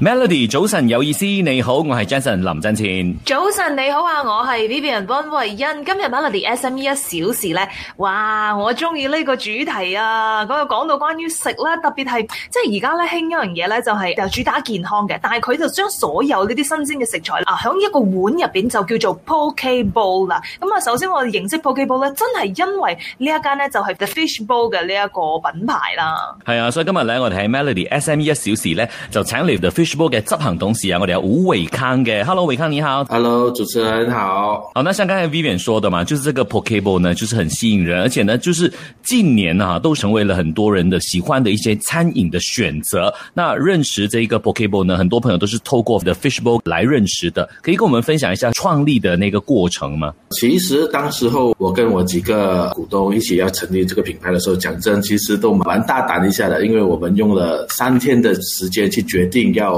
Melody 早晨有意思，你好，我係 Jason 林振前。早晨你好啊，我係 Vivian 溫慧欣。今日 Melody SME 一小時咧，哇，我中意呢個主題啊！個講到關於食啦，特別係即係而家咧興一樣嘢咧，就係、是、又主打健康嘅，但係佢就將所有呢啲新鮮嘅食材啊，響一個碗入邊就叫做 poke bowl 啦。咁啊，首先我認識 poke bowl 咧，真係因為呢一間咧就係 The Fish Bowl 嘅呢一個品牌啦。係啊，所以今日咧我哋喺 Melody SME 一小時咧就請嚟 The Fish。fishbowl 嘅東西、啊，然後嚟吳偉康嘅，Hello，偉康你好，Hello，主持人好。好，那像剛才 Vivian 說的嘛，就是這個 pokebowl 呢，就是很吸引人，而且呢，就是近年啊，都成為了很多人的喜歡的一些餐飲的選擇。那認識這一個 pokebowl 呢，很多朋友都是透過 the fishbowl 來認識的，可以跟我們分享一下創立的那個過程嗎？其實當時候我跟我幾個股東一起要成立這個品牌的時候，講真，其實都蠻大膽一下的，因為我們用了三天的時間去決定要。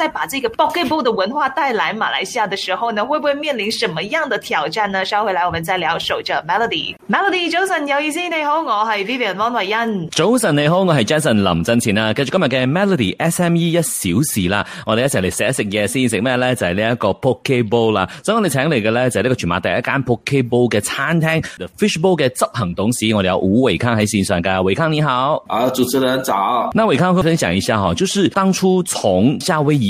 再把這個 Pokebowl 的文化帶來馬來西亞的時候呢，會不會面臨什麼樣的挑戰呢？稍後來我們再聊。守着 Melody。Melody 早晨，有意思，你好，我係 Vivian 安慧欣。早晨你好，我係 Jason 林振前啦、啊。繼續今日嘅 Melody SME 一小時啦，我哋一齊嚟食一食嘢先，食咩咧？就係呢一個 Pokebowl 啦。所以我哋請嚟嘅咧就呢、是、個全馬第一間 Pokebowl 嘅餐廳 The Fish Bowl 嘅執行董事，我哋有伍偉康喺線上，㗎。偉康你好。啊，主持人早。那偉康會分享一下哈，就是當初從夏威夷。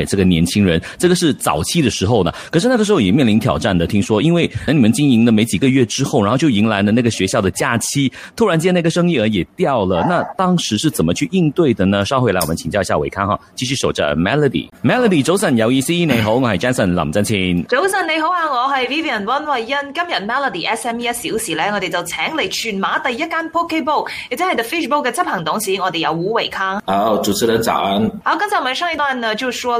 這個年輕人，這個是早期的時候呢，可是那個時候也面臨挑戰的。聽說因為，等你們經營了沒幾個月之後，然後就迎來了那個學校的假期，突然間那個生意額也掉了。那當時是怎麼去應對的呢？稍回來我們請教一下偉康哈，繼續守着 Melody。Melody，早晨，姚一 C，你好，我係 Jason 林振清。早晨你好啊，我係 Vivian 溫慧恩。今日 Melody SME 一小時呢，我哋就請嚟全馬第一間 Pokebowl，亦即係 The Fish Bowl 的執行董事，我哋有吳偉康。好，oh, 主持人早安。好，剛才我們上一段呢，就說。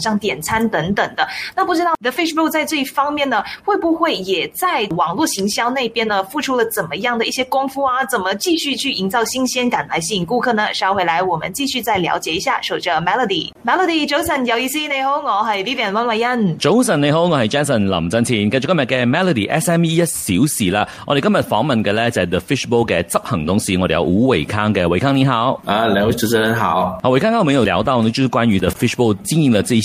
上點餐等等的，那不知道 The Fishbowl 在這一方面呢，會不會也在網絡行銷那邊呢，付出了怎麼樣的一些功夫啊？怎麼繼續去營造新鮮感來吸引顧客呢？稍後回來，我們繼續再了解一下。守着 Melody，Melody，早晨，有意思，你好，我係 Vivian 溫偉恩。早晨，你好，我係 Jason 林振前。繼續今日嘅 Melody SME 一小時啦。我哋今日訪問嘅咧就係、是、The Fishbowl 嘅執行董事，我哋有吳偉康嘅，偉康你好。啊，兩位主持人好。啊，偉康剛，剛我們有聊到呢，就是關於 The Fishbowl 經營嘅這一。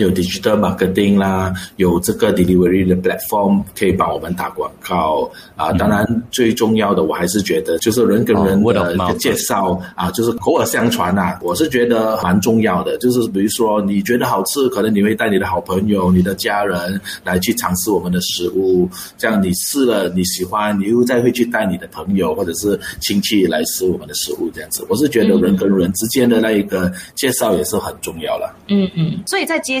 有 digital marketing 啦，有這個 delivery 的 platform 可以幫我們打廣告啊。當然最重要的，我還是覺得就是人跟人的介紹。Oh, 啊，就是口耳相傳啊。我是覺得蠻重要的，就是比如說你覺得好吃，可能你會帶你的好朋友、你的家人來去嘗試我們的食物。這樣你試了，你喜歡，你又再會去帶你的朋友或者是親戚來吃我們的食物。這樣子，我是覺得人跟人之間的那一個介紹也是很重要的。嗯嗯、mm，所以在接。